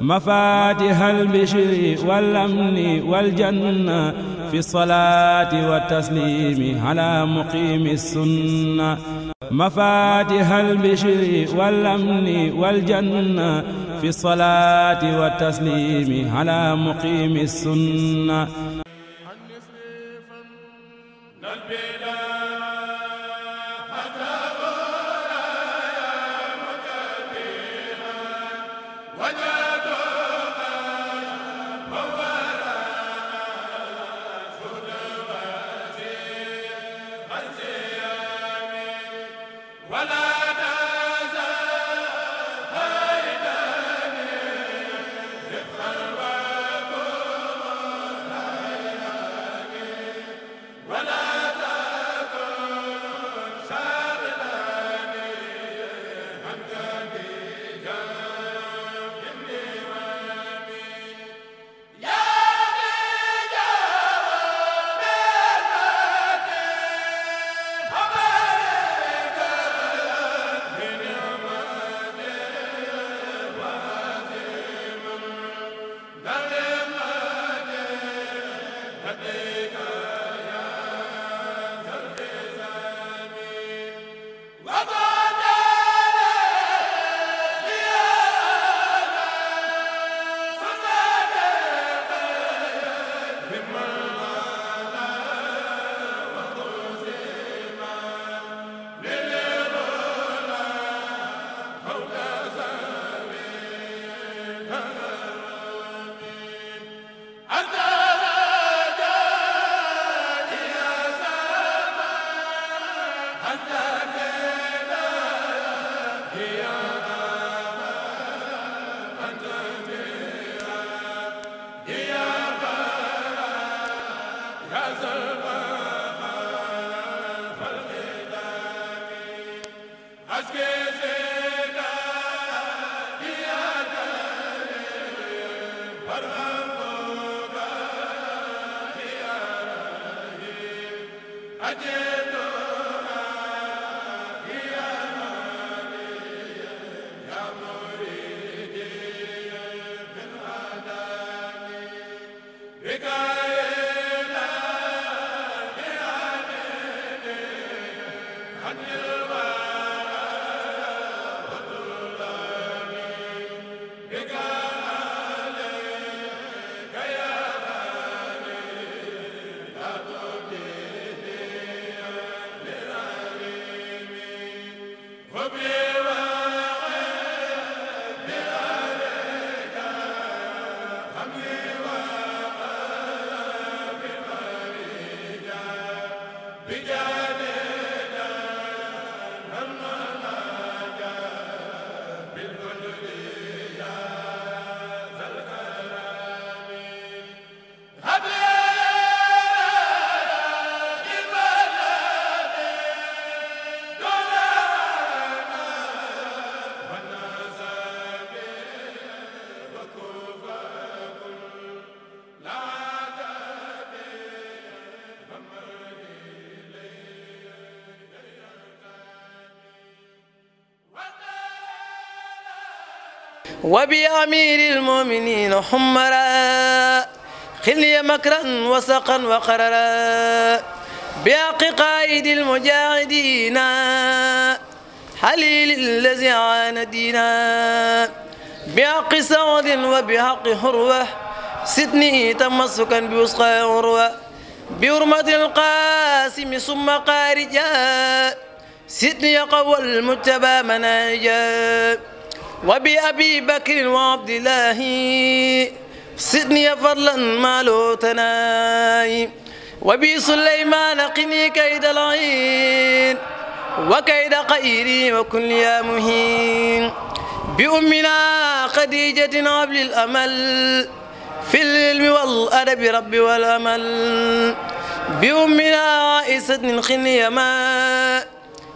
مفاتيح البشر والأمن والجنة في الصلاة والتسليم على مقيم السنة مفاتيح البشر والأمن والجنة في الصلاة والتسليم على مقيم السنة وبأمير المؤمنين حمرا خلي مكرا وسقا وقررا بأق قائد المجاهدين حليل الذي عاندينا بحق سعد وبحق حروة سدني تمسكا بوسقى عروة بحرمة القاسم ثم قارجا سدني قوى المتبى مناجا وبأبي بكر وعبد الله سدني فضلا ما له تناي وبسليمان قني كيد العين وكيد قيري وكن يا مهين بأمنا خديجة عبد الأمل في العلم والأدب رب والأمل بأمنا عائسة خني ما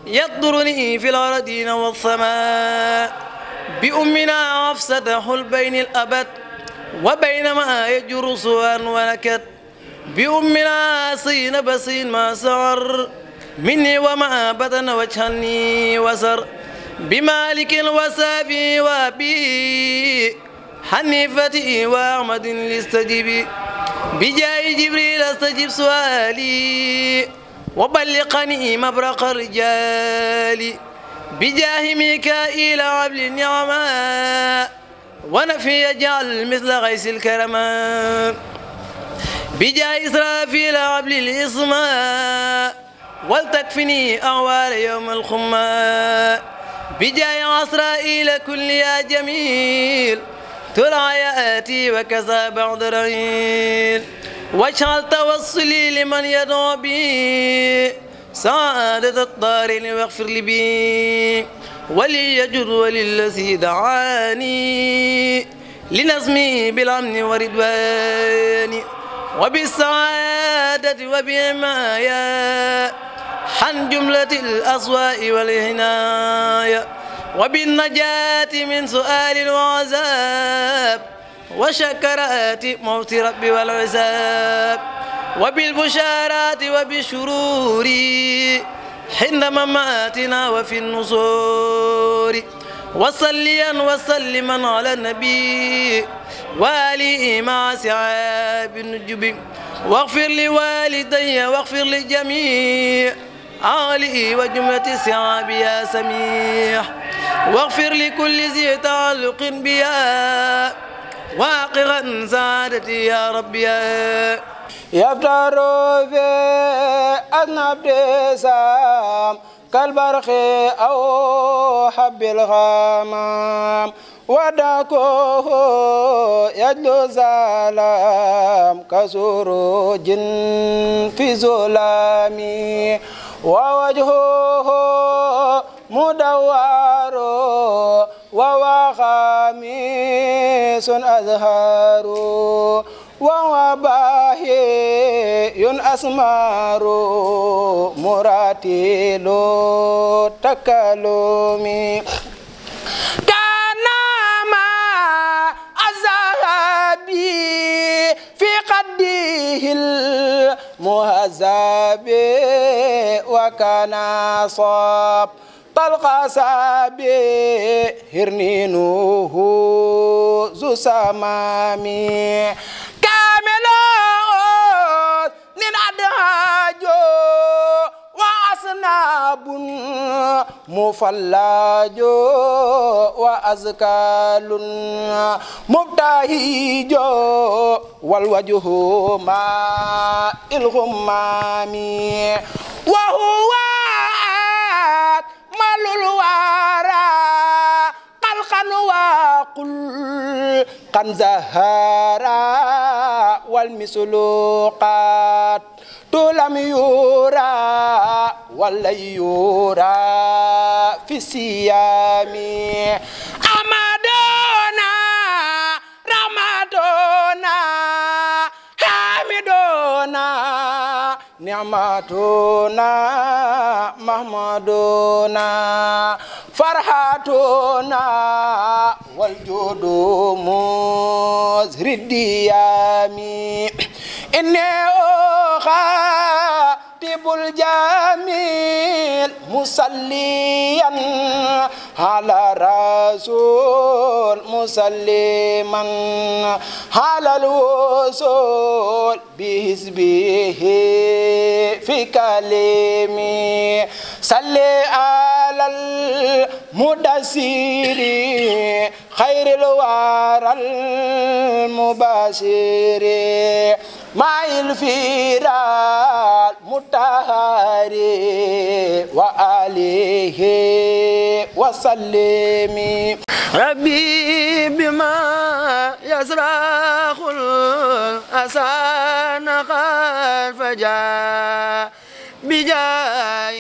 يضرني في الأرضين والسماء bi ummina hafsata xul baynil abad wa baynama yajuru suwaan wa nakat bi ummina siina basiin ma sawar minni wa ma batana wajhanni wasar bi malikin wa saafi wa bi hanifati wa ahmadin listajibi bi jaayi jibril astajib suali wa balliqani mabraqa rijali بجاه ميكائيل عبل النعماء ونفي يجعل مثل غيث الكرماء بجاه إسرافيل عبل الإصماء ولتكفني أعوال يوم الخماء بجاه عسرائيل كل يا جميل ترعى يأتي وكذا بعض رعيل واجعل توصلي لمن يدعو بي سعادة الطارين واغفر لي بي وليجد وللذي دعاني لنظمي بالأمن ورضواني وبالسعادة وبحمايا عن جملة الأسواء والهنايا وبالنجاة من سؤال وعذاب وشكرات موت ربي والعذاب وبالبشارات وبالشرور حين مماتنا وفي النصور وصليا وسلما على النبي وآله مع سعاب النجب واغفر لوالدي واغفر لجميع آله وجملة سعاب يا سميح واغفر لكل ذي تعلق بها واقعا سعادتي يا ربي يا يفتروا في أذنب دسام كالبرخ أو حب الغمام وداكوه يجلو زلام كسروج في ظلامي ووجهه مدور وهو خميس أزهر ووباه أسمار مراتل تكلم كان ما أذهبي في قده المهذب وكان صاب طلق سابي هرنينه ذو سمامي naabun mufallajo wa azkalun mubtahijo wal wajuhu ma ilhumami wa huwa malul wara القنوى قل قن زهرا والمسلوقات تلم يورا ولا يورا في سيامي أمدونا نعمتنا محمدنا فرحتنا والجود مزهر الديام إني أخاف الحبيب الجميل مصليا على رسول مسلما على الوصول بحزبه في كلامي salli alal mudassiri xayril waral mubasiri maayil firal mutahari wa alihi wa sallimi rabbi bima yasraxul asana xat faja bijay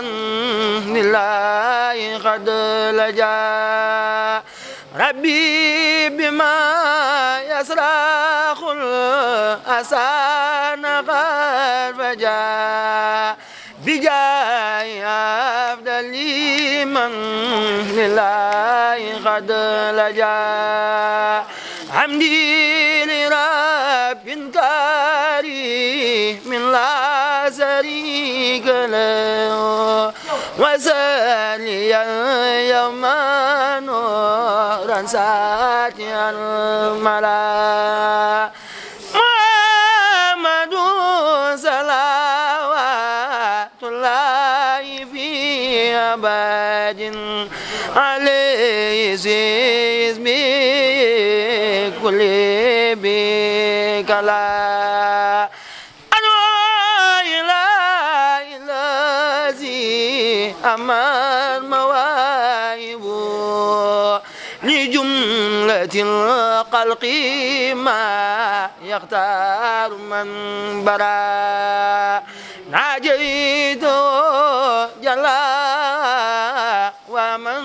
من لله قد لجا ربي بما يسرى خل أسان قد فجا بجاي أفضل من لله قد لجا حمدي إنكاري من لا شريك له وسالي اليوم نورا ساتيا الملا محمد صلوات الله في أبد عليه لا أنا إلى الذي أما المواهب لجملة القلق ما يختار من برا ناجيت جلا ومن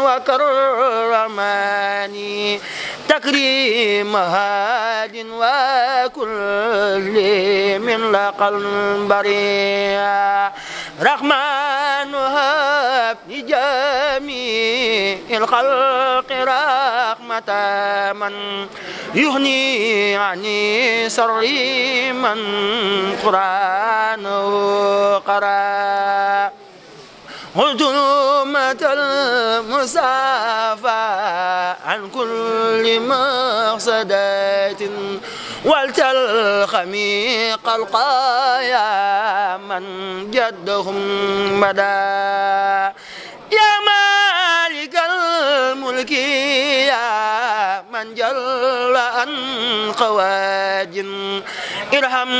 وكرمني تكريم هاد وكل من لقى البريع رحمن وهب لجميع الخلق رحمة من يغني عن سر من قرآن قرأ قلت أمة المصطفى عن كل مقصدات ولتلخمي قلقايا من جدهم مدى يا مالك الملك يا من جل عن قواج ارحم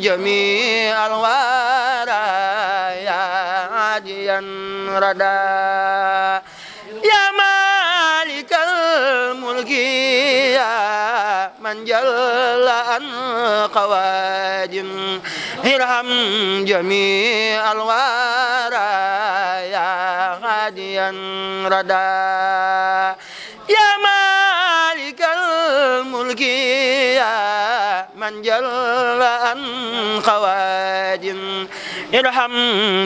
جميع الورى هاديا ردا يا مالك الملك يا من جل عن قوادم ارحم جميع الورى يا هاديا ردا يا مالك الملك يا من جل عن قوادم ارحم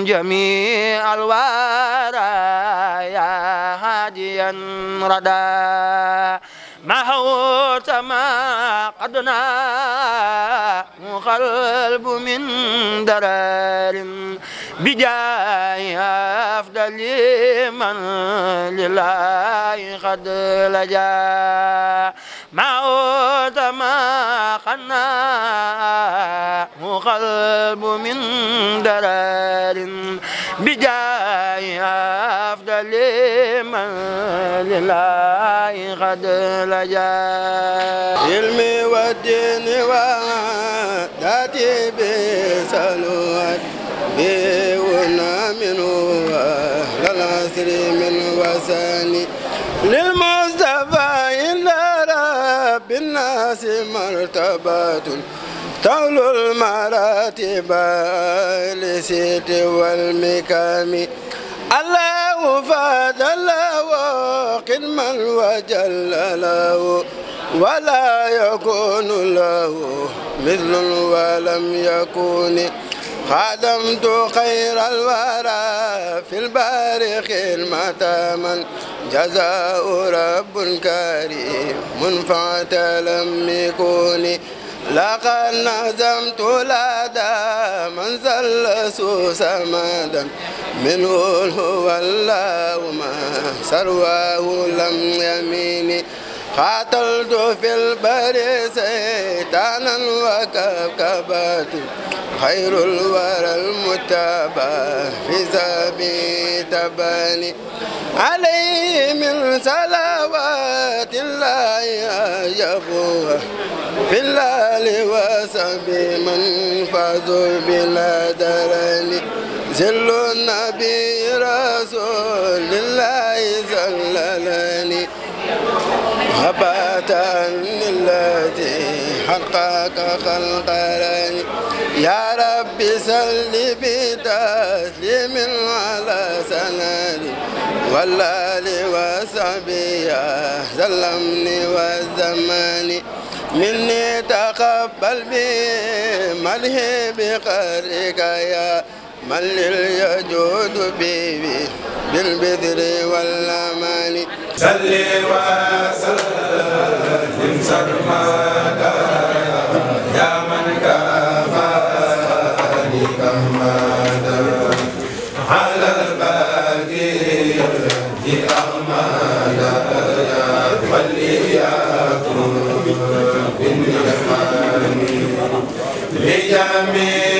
جميع الورى يا هاديا ردا ما حوت ما قدنا قلب من درار بجاه أفضل من لله قد لجأ معود ما قناه قلب من درار بجاه أفضل من لله قد لجا علمي والدين وذاتي بسلوات بيونا منه للعسر من وساني للموت الناس مرتبة تولو المراتب لسيت والمكام الله فاد الله قدما وجل له ولا يكون له مثل ولم يكن خدمت خير الورى في البارخ المتامن جزاء رب كريم منفعت لم يكوني لقد نظمت لدى من زل سوسا مدى منه هو اللهم سرواه لم يميني قاتلت في البر سيتانا وكبكبات خير الورى المتابع في سبي تباني عليه من صلوات الله يجبوها في الليل وسبي من فاز بلا درني زل النبي رسول الله زللني هباتا للذي حقق خلقني يا رب سل بتسليم على سندي والآل وصحبي أهدى الأمن والزمان مني تقبل بمدح بقدرك يا من لليجود بي بالبذر والأمان سل وسلم سرمدا يا من كفاني كمدا على الباقي أحمدا وليكن بالإيمان لجميع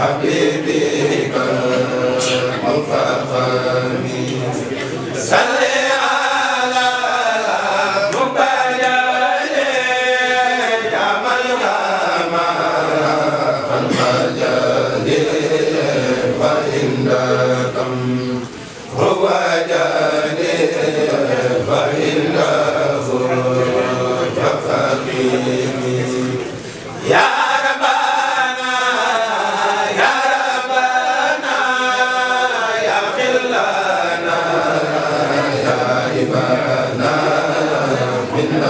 حبيبي sa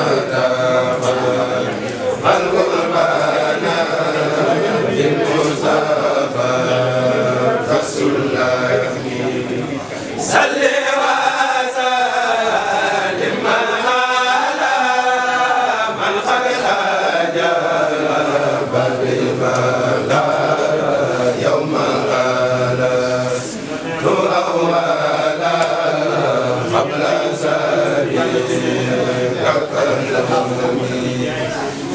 ta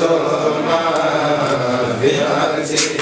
سوما في عرسك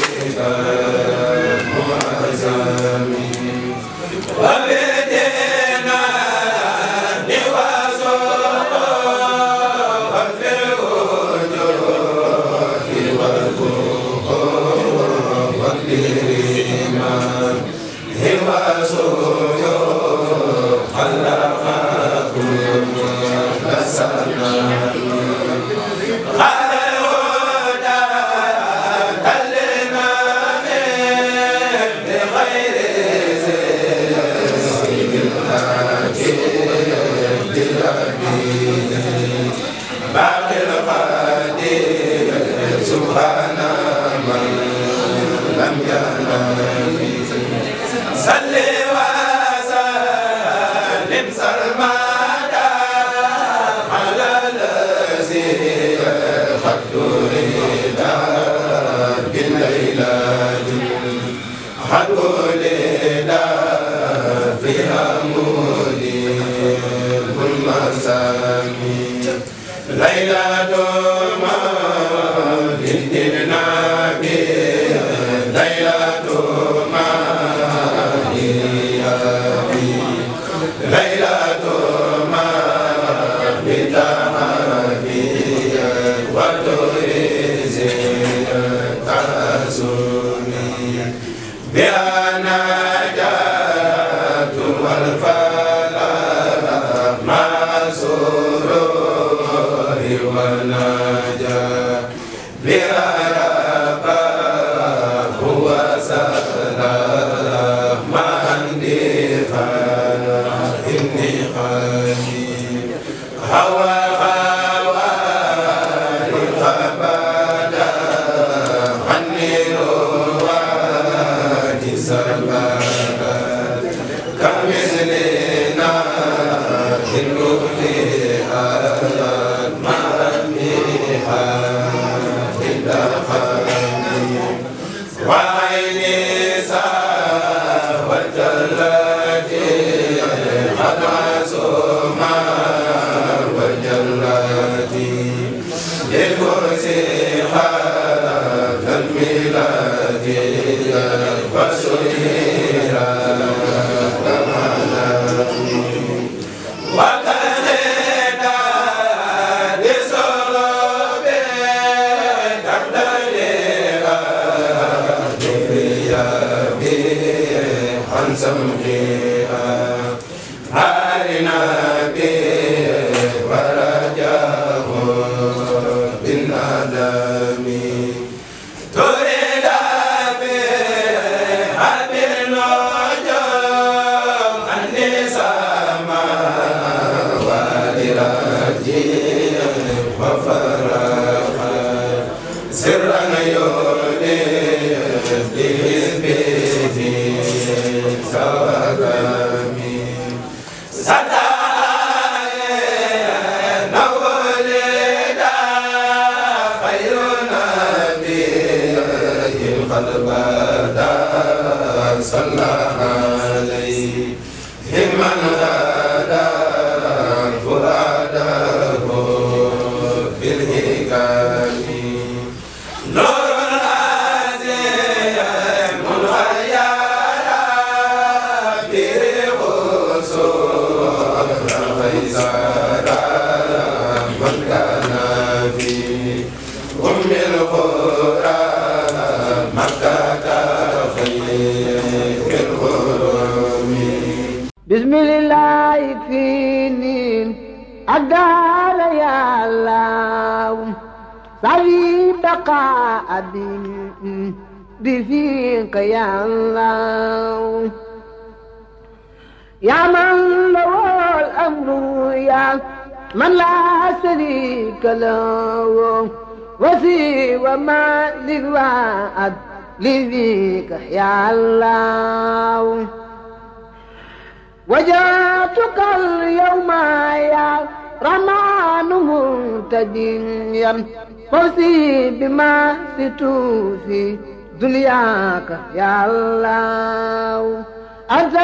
laylato حمدي فانا إني قلبي هوى samke adaala yàllaaw sari baqaa bi bi fiq yàllaaw yaa man lawol amru yaa man laa sariika lawo wasi wa ma lig waat li fiq yàllaaw وجاتك اليوم يا رمان ملتجيا فوزي بما ستوفي دنياك يا الله أنت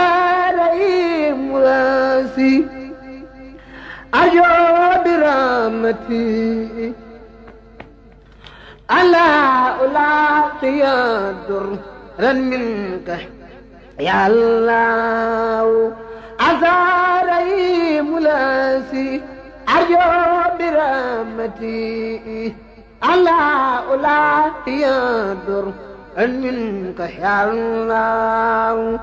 رئيم راسي أجو برامتي ألا ألاقي درا منك يا الله أزاري ملاسي أرجو برحمتي ألا ألا يدر أن منك يا الله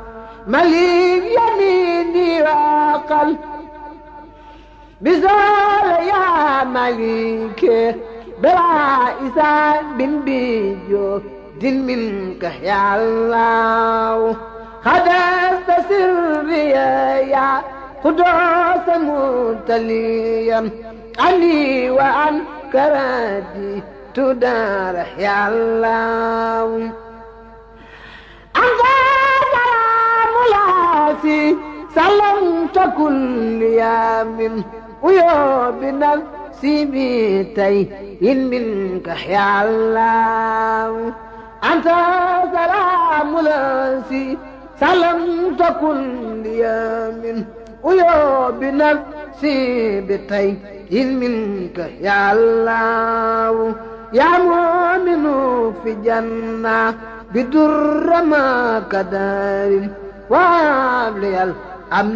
مليك يميني وقل بزول يا مليك بلا إسان بن بيجو دين منك يا الله خدست سري يا قداس متليا عني وعن كرادي تدار يا الله أنت سلام لاسي سلمت كل يوم ويوم نفسي بيتي إن منك يا الله أنت سلام لاسي سلمت كل يوم أيو بنفسي بتي إذ منك يا الله يا مؤمن في جنة بدر ما كدار وابلي الأمن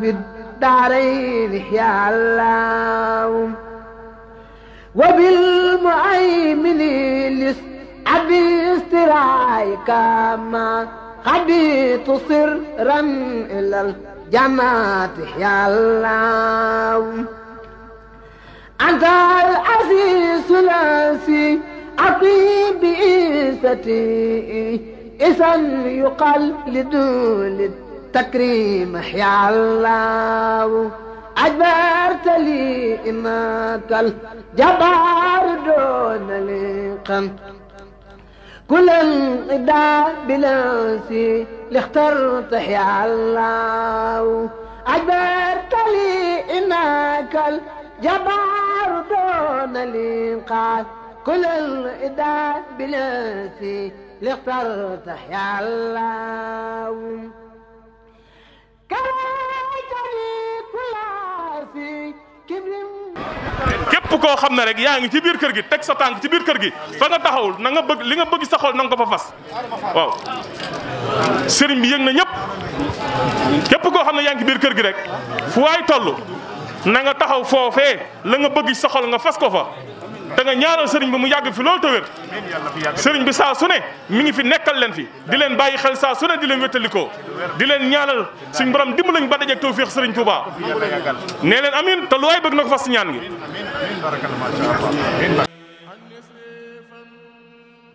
في الدارين يا الله وبالمؤمن لس أبي استرايك ما قد تصر إلى الأرض الجنات يا الله أنت العزيز العزي أقيم بإيستي إذا يقال لدول التكريم يا الله أجبرت لي إنك الجبار دون لقم كل انقضاء بلاسي اللي اخترته يا الله أجبرت لي إنك الجبار دون الإنقاذ كل الإداء بلاسي اللي اخترته يا الله كرهتني كل شيء képp koo xam ne rek yaa ngi ci biir kër gi teg sa tànk ci biir kër gi fa nga taxawul na nga bëgg li nga bëgg sa xol na nga ko fa fas waaw sëriñ bi yëg na ñëpp képp koo xam ne yaa ngi ci biir kër gi rek fu waay toll na nga taxaw foofee la nga bëgg sa xol nga fas ko fa da nga ñaanal sëriñ bi mu yàgg fi loolu te wér bi saa su ne mi ngi fi nekkal leen fi di leen bàyyi xel saa su ne di leen wéttalikoo di leen ñaanal suñ borom dimb lañ ba dajeeg tawfiix sëriñ Touba nee leen amin te lu waay bëgg na ko fas si ñaan gi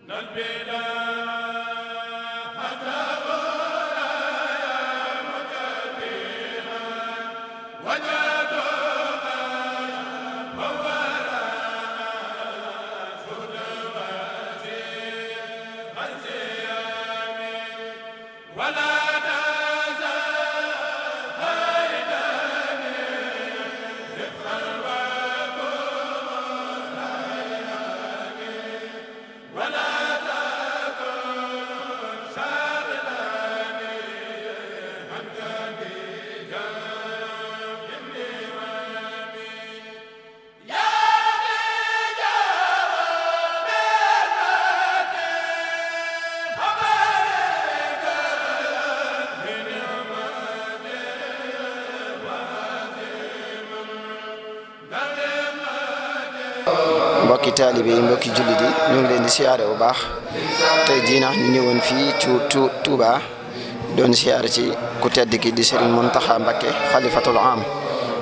nal taalibe yi mbokki jullit yi ñu ngi leen di siyaare bu baax tey jii nax ñu ñëwoon fii ci Touba doon siyaare ci ku tedd ki di Serigne Mountakha Mbacké xalifatul am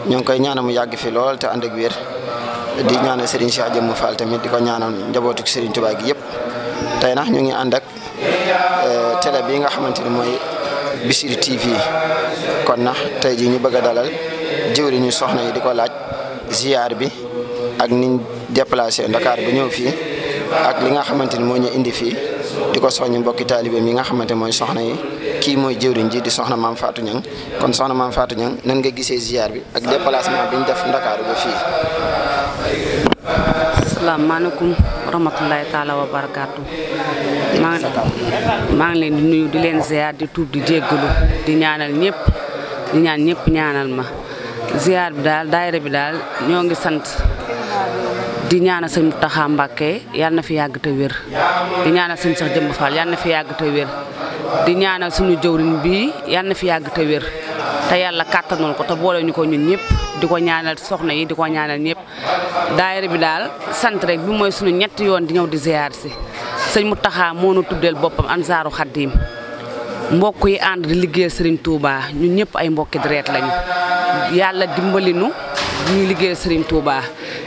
ñoo ngi koy ñaanal mu yàgg fi lool te ànd ak wér di ñaanal Serigne Cheikh Jëmm Fall tamit di ko ñaanal njabootu Serigne Touba gi yëpp tey nax ñu ngi ànd euh, télé bi nga xamante ni mooy Bichri TV kon nax tey jii ñu bëgg a dalal jëwriñu soxna yi di ko laaj ziar bi. ak niñ déplacé Dakar ba ñëw fii ak li nga xamante ni mooy ñu indi fii di ko soññ mbokki taalibe mi nga xamante mooy soxna yi kii mooy jëwriñ ji di soxna maam Fatou Niang kon soxna maam Fatou Niang nan nga gisee ziar bi ak déplacement bi ñu def Dakar ba fii. asalaamaaleykum maa maa ngi leen di nuyu di leen ziar di tuub di jéggalu di ñaanal ñëpp di ñaan ñëpp ñaanal ma ziar bi daal daayira bi daal ñoo ngi sant. di ñaanal sëñ Mountakha Mbacké yal na fi yàgg te wér di ñaanal sëñ Cheikh Jëmb Fall fi yàgg te wér di ñaanal suñu jëwriñ bi yal na fi yàgg te wér te yàlla kàttanal ko te boole ñu ko ñun ñëpp di ko ñaanal soxna yi di ko ñaanal ñëpp daayira bi daal sant rek bi mooy suñu ñetti yoon di ñëw di ziar si sëñ Mountakha moo nu tuddeel boppam Ansaaru Xaddiim mbokk yi ànd di liggéey sëriñ Touba ñun ñëpp ay mbokki deret lañu yàlla dimbali ñuy liggéeyal Serigne Touba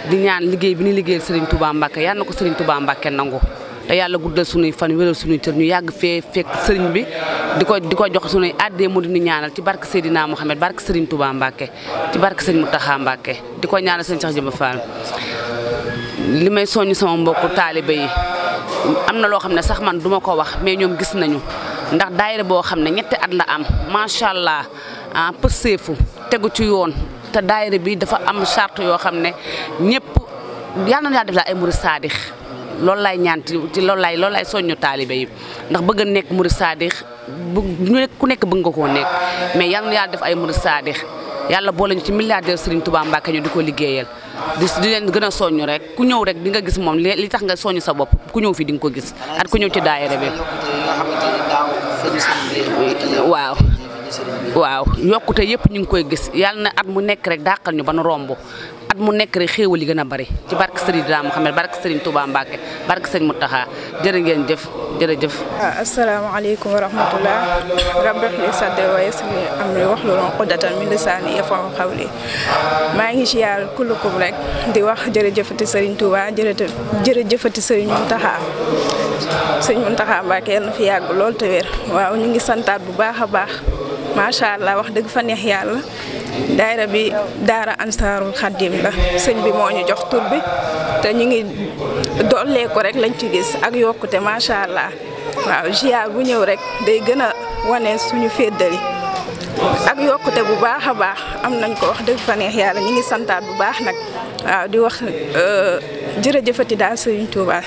di ñaan liggéey bi ñuy liggéeyal Serigne Touba Mbacke yal na ko Serigne Touba Mbacke nangu te yàlla guddal sunuy fan wéral sunuy cër ñu yàgg fee fekk Serigne bi di ko di ko jox sunuy addee mu di ñaanal ci barke Seydina Mohamed barke Serigne Touba Mbacke ci barke mu Mountakha Mbacke di ko ñaanal seen Cheikh Jëmba Fall li may soññ sama mbokku taaliba yi am na loo xam ne sax man duma ko wax mais ñoom gis nañu ndax daayira boo xam ne ñetti at la am macha allah ah pëseefu tegu ci yoon. te daayira bi dafa am charte yoo xam ne ñëpp yal na yàlla def la ay murid saadix loolu laay ñaan ci loolu laay loolu laay soññu taalibe yi ndax bëgg a nekk murid saadix bu ku nekk bëgg nga koo nekk mais yal na yàlla def ay murid saadix yàlla boole ñu ci milliardaire Serigne Touba Mbacke ñu di ko liggéeyal di di leen gën a soññ rek ku ñëw rek di nga gis moom li tax nga soññ sa bopp ku ñëw fii di nga ko gis at ku ñëw ci daayira bi waaw waaw yokkute yëpp ñu ngi koy gis yàlla na at mu nekk rek dàqal ñu ba nu romb at mu nekk rek xéewal yi gën a bari ci bark Serigne Dame Mouhamed barke Serigne Touba Mbacke barke Serigne Mountakha jërë ngeen jëf jërëjëf. waaw ah, asalaamaaleykum wa rahmatulah rabbi li sadde wa yassirli amri wahlul uqdatan min lisani yafqahu qawli maa ngi siyaar kullukum rek di wax jërëjëfati Serigne Touba jërëjëf jërëjëfati Serigne Mountakha Serigne Mountakha Mbacke na fi yàgg lool te wér waaw ñu ngi santaat bu baax a baax. macha allah wax dëgg fa neex yàlla daayira bi daara ansaarul xaddim la sëñ bi moo ñu jox tur bi te ñu ngi dolleeku rek lañ ci gis ak yokkute macha allah waaw ziar bu ñëw rek day gën a wane suñu féddali ak yokkute bu baax a baax am nañ ko wax dëgg fa neex yàlla ñu ngi santaat bu baax nag waaw di wax euh, jërëjëfati daal sëriñ Tuubaa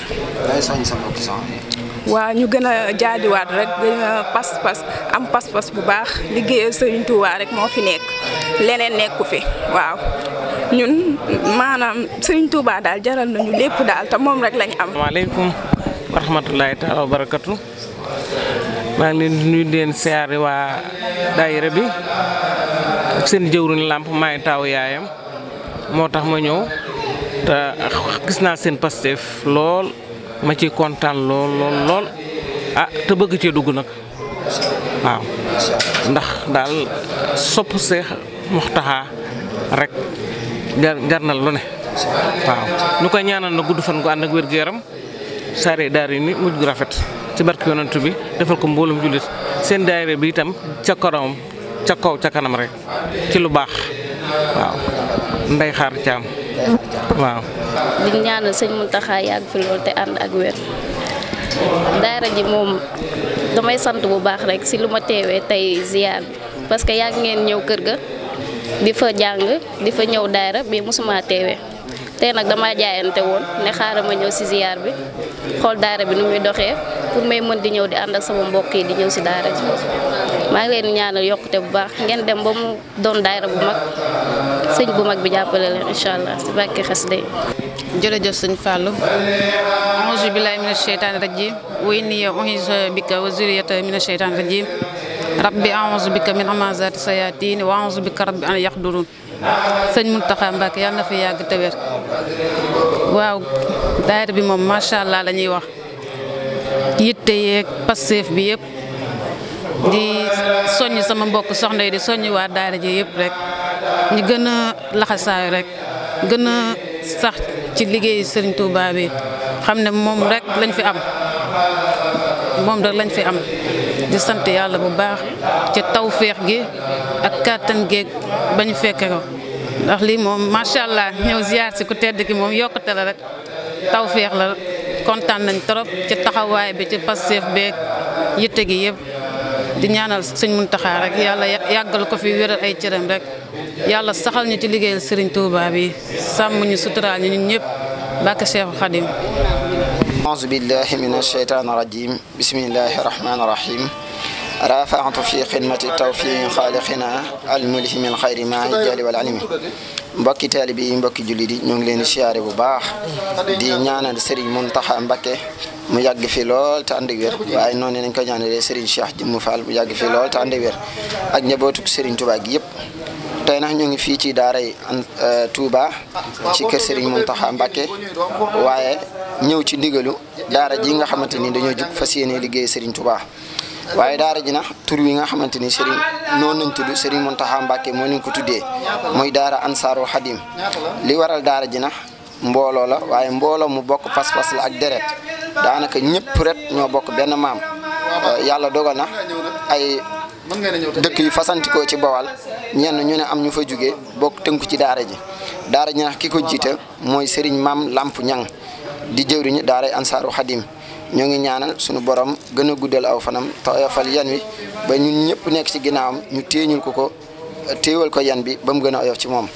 waa ñu gën a jaadiwaat rek gën a pas-pas am pas-pas bu baax liggéeyal Serigne Touba rek moo fi nekk leneen nekku fi waaw ñun maanaam Serigne Touba daal jaral nañu lépp daal te moom rek lañu am. asalaamaaleykum wa rahmatulahi taala wa barakatu maa ngi leen di nuyu waa daayira bi seen jëwriñ làmp maay taaw yaayam moo tax ma ñëw gis naa seen Pastef lool. ma ci kontaan lool lool lool ah te bëgg cee dugg nag waaw ndax daal sopp Seex Mountakha rek jar na lu ne waaw ñu koy ñaanal na gudd fan gu ànd ak wér gu yaram saare daar yi ni mujj gu rafet ci barke yonent bi defal ko mboolum jullit seen daayira bi itam ca kanam ca kaw ca kanam rek ci lu baax waaw nday xaar caam waaw. di ñaanal sëñ Mountakha yàgg fi loolu te ànd ak wér. daara ji moom damay sant bu baax rek si lu ma teewee tey ziar bi parce que yàgg ngeen ñëw kër ga di fa jàng di fa ñëw daara bi mosuma teewee tey nag dama jaayante woon ne xaaral ma ñëw si ziar bi xool daara bi nu muy doxee pour may mën di ñëw di ànd ak sama mbokk yi di ñëw si daara ji. maa ngi leen di ñaanal yokkute bu baax ngeen dem ba mu doon daayira bu mag sëñ bu mag bi jàppale leen incha allah si bàkki xasida yi jërëjëf sëñ Fallou auzu billaahi mina sheytaani rajiim wa innii u'iizu bika wa zurriyata mina sheytaani bi rabbi auzu bika min hamazaati sayaatiin wa auzu bika rabbi an yaxduruun sëñ Mountakha Mbacké yàlla na fi yàgg te bi moom macha allah lañuy ñuy wax yitte yeeg passeef bi yëpp di soññ sama mbokk soxna di soññ waa daara ji yëpp rek ñu gën a laxasaayu rek gën a sax ci liggéey sëriñ Touba yi xam ne moom rek lañ fi am moom rek lañ fi am di sant yàlla bu baax ci tawféex gi ak kàttan geeg bañ fekke ko ndax lii moom macha allah ñëw ziar si ku tedd ki moom yokkute la rek tawféex la kontaan nañ trop ci taxawaay bi ci Pastef beeg yitte gi yëpp. di ñaanal sëñ Muntaxa rek yàlla yàggal ko fi wéral ay cëram rek yàlla saxal ñu ci liggéey sëriñ Touba bi sàmm ñu suturaal ñu ñun ñëpp bàkk Cheikhu Xadim aouzu billahi min asheytaan rajim bismillahi rahmani rahim rafaatu fi xidmati tawfiqi xaaliqina ngi leen di bu baax di ñaanal sëriñ Muntaxa Mbakke mu yàgg fi lool te ànd ak wér waaye noonu nañ ko ñaanalee Serigne Cheikh Jëmm Fall mu yàgg fi lool te ànd ak wér ak njabootuk Serigne Touba gi yëpp tey nag ñu ngi fii ci daaray euh, Touba ci kër Serigne Mountakha Mbacké waaye ñëw ci ndigalu daara ji nga xamante ni dañoo jug fas yéene liggéey Serigne Touba waaye daara ji nag tur wi nga xamante ni Serigne noonu nañ tudd Serigne Mountakha Mbacké moo leen ko tuddee mooy daara Ansaarul Xadim li waral daara ji nag mbooloo la waaye mbooloo mu bokk pas-pas la ak deret daanaka ñëpp ret ñoo bokk benn maam euh, yàlla dogal na ay dëkk yu fasantikoo ci Bawal ñenn ñu ne am ñu fa jugee bokk tënku ci daara ji daara ji nag ki ko jiite mooy Serigne Maam Lamp Ñang di jëwriñu daaray ansaaru xadim ñoo ngi ñaanal suñu borom gën a guddal aw fanam tooyofal yan wi ba ñun ñëpp nekk ci ginnaawam ñu téeñul ko ko téewal ko yan bi ba mu gën a oyof ci moom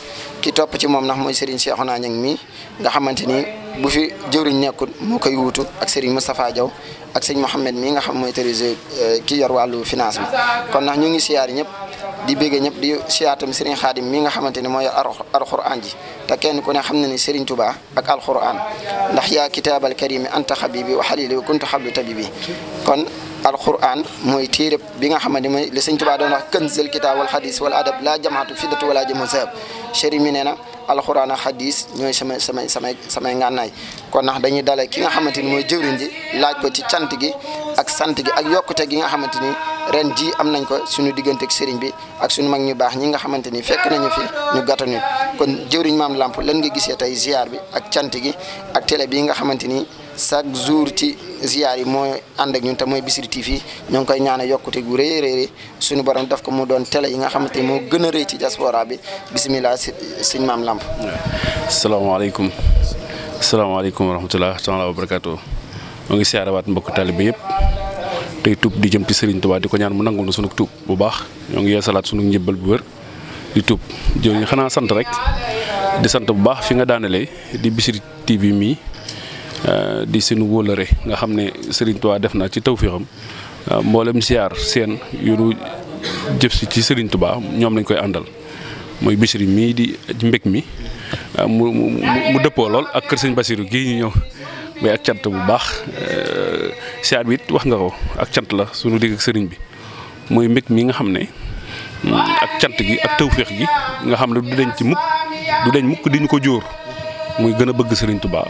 ki topp ci moom ndax mooy Serigne Cheikhouna Niang mii nga xamante ni bu fi jëwriñ nekkul moo koy wuutu ak Serigne Moustapha Diaw ak sëñ Mouhamed mii nga xam mooy trésorier euh, ki yor wàllu finance bi kon nax ñu ngi siyaar ñëpp di béggee ñëpp di siyaar tam Serigne Khadim mii nga xamante ni mooy alxuraan ji te kenn ku ne xam na ni Serigne Touba ak alxuraan ndax yaa kitaabal karimi anta xabibi wa xalili wa kuntu xablu tabibi kon alquran mooy téere bi nga xamante mooy li sëñ Tuubaa doon wax kanzul kitaab wal xadis wal adab laa jamaatu fiddatu wala jëmu zahab chérif mi nee na alquran ak xadis ñooy sama samay samay samay ngànnaay kon nax dañuy dale ki nga xamante ni mooy jëwriñ ji laaj ko ci cant gi ak sant gi ak yokkute gi nga xamante ni ren ji am nañ ko suñu diggante ak sëriñ bi ak suñu mag ñu baax ñi nga xamante ni fekk nañu fi ñu gàttañu kon jëwriñ maam làmp lan nga gisee tey ziar bi ak cant gi ak xamante ni chaque jour ci ziar yi mooy ànd ak ñun te mooy Bichri TV ñoo ngi koy ñaanal yokkute gu rëy suñu borom def ko mu doon télé yi nga xamante ni moo gën a rëy ci diaspora bi bisimilah sëñ maam làmp salaamaaleykum salaamaaleykum wa rahmatulah taala wa barakaatu ngi siyaarawaat mbokk taalibe yëpp tey tuub di jëm ci Serigne Touba di ko ñaan mu nangul na sunu bu baax ñoo ngi salaat sunu njëbbal bu wér di tuub jooju xanaa sant rek di sant bu baax fi nga daanale di Bichri TV mii. Euh, di sunu wóolëre nga xam ne Serigne Touba def na ci tawféexam euh, mboolem siyaar seen yu nu jëf si ci Serigne Touba ñoom lañ koy àndal mooy Bichri mii di mbég mi euh, mu mu dëppoo lool ak kër Serigne Bassirou gii ñu ñëw mais ak cant bu baax siyaar bi it wax nga ko ak cant la sunu digg ak Serigne bi mooy mbég mi nga xam ne mm, ak cant gi ak tawféex gi nga xam ne du deñ ci mukk du deñ mukk di ko jóor muy gën a bëgg sëriñ Touba.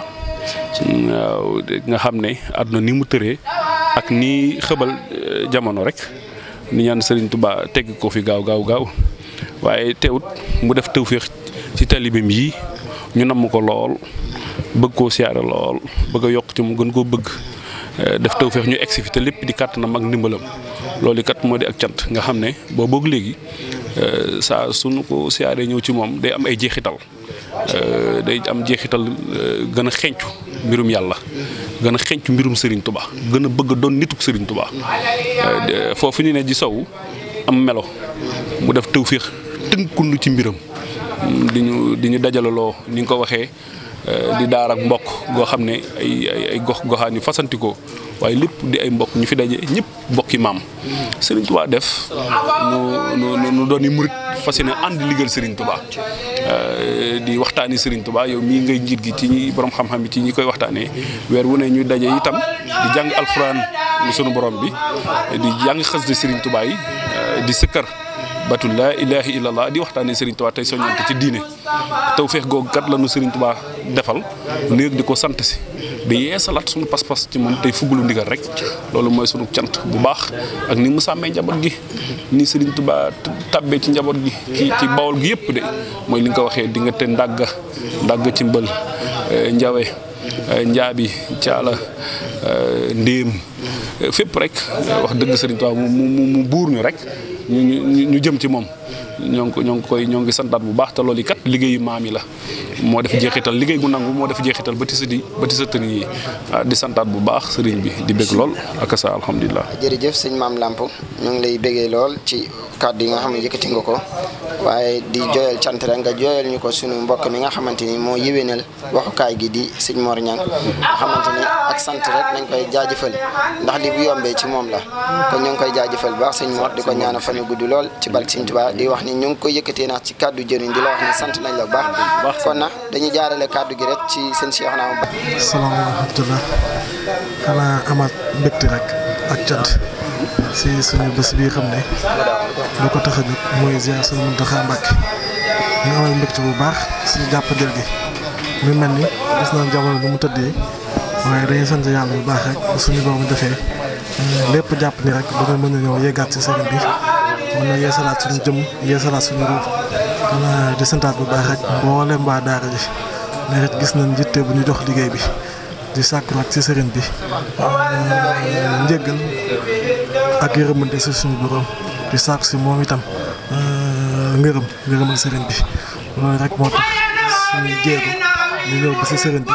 waaw nga xam ne àdduna ni mu tëree ak ni xëbal euh, jamono rek ni ñaan sëriñ tubaa tegg ko fi gaaw gaaw gaaw waaye teewut mu def tawféex ci talibim yi ñu namm ko lool bëgg koo siyaare lool bëgg a yokk ci mu gën koo bëgg euh, def tawféex ñu egsi fi te lépp di kàttanam ak ndimbalam loolu kat moo di ak cant nga xam ne boo bëgg léegi euh, saa suñu ko siyaaree ñëw ci moom day am ay jeexital. Euh, day am jeexital euh, gën a xencu mbirum yàlla gën a xencu mbirum Serigne Touba gën a bëgg doon nituk Serigne Touba euh, foofu ñu ne di sow am melo mu def tawféex tënkundu ci mbiram di ñu dajaleloo ni nga ko waxee di daar ak mbokk goo xam ne ay ay gox goxaan yu fasantikoo waaye lépp di ay mbokk ñu fi daje ñëpp mbokki maam Serigne Touba def nu nu nu doon yi murit fas yéene ànd liggéeyal Serigne Touba euh, di waxtaani Serigne Touba yow mii ngay njiit gi ci ñi boroom xam-xam yi ci ñi koy waxtaanee weer wu ne ñuy daje itam di jàng alxuraan sunu borom bi di jàng xas de Serigne Touba yi euh, di sëkkër batul laa ilaaha illallah di waxtaanee Serigne tey soññante ci diine tawféex googu kat la nu Serigne Touba defal léegi di ko sant si di yeesalaat sunu pas-pas ci moom tey fuggalu ndigal rek loolu mooy sunu cant bu baax ak ni mu sàmmee njaboot gi ni Serigne Touba tabbee ci njaboot gi ci ci gi yëpp de mooy li nga ko waxee diggante ndàgga ndàgga ci mbël eh, njawe eh, njaabi caala eh, ndéem fépp rek wax dëgg Serigne Touba mu mu mu buur ñu rek ñu ñu jëm ci moom ñoo ngi ko koy ñoo ngi santaat bu baax te loolu kat liggéeyu maam yi la moo def jeexital liggéey gu nangu moo def jeexital ba ti sa di yi ah, di santaat bu baax sëriñ bi di bég lool ak sa alhamdulilah. jërëjëf sëñ maam Lamp ñoo ngi lay bégee lool ci kàddu yi nga xam ne yëkkati nga ko waaye di jooyal cant rek nga jooyal ñu ko suñu mbokk mi nga xamante ni moo yéwénal waxukaay gi di sëñ Mor Niang nga xamante ak sant rek nañ koy jaajëfal ndax li bu yombee ci moom la kon ñu ngi koy jaajëfal bu baax sëñ Mor di ko ñaanal fan yu gudd lool ci barke sëñ Tuubaa di wax ni ñu ngi koy yëkkatee nax ci kàddu jëriñ di la wax sant nañ la bu baax kon nag dañuy jaarale kàddu gi rek ci seen Cheikh Naam Ba. salaamaaleykum rahmatulah xanaa amaat mbégte rek si suñu bés bi xam ne lu ko tax a jóg mooy amal mbégte bu baax suñu jàppandil gi mu mel ni gis naa jamono bi mu tëddee waaye dañuy sant yàlla bu baax rek suñu boobu defee lépp jàpp ni rek ba nga mën a ñëw yeggaat bi. mën na yeesalaat suñu jëm yeesalaat suñu ruux di santaat bu baax rek mboolem waa daara ji mais rek gis nañ njitte bu ñu jox liggéey bi di sàkku ak ci sëriñ bi njëggal ak yërëmante si suñu borom di si moom itam euh, ngërëm ngërëmal sëriñ bi loolu rek moo tax suñu jéego ñu ñëw ba si sëriñ bi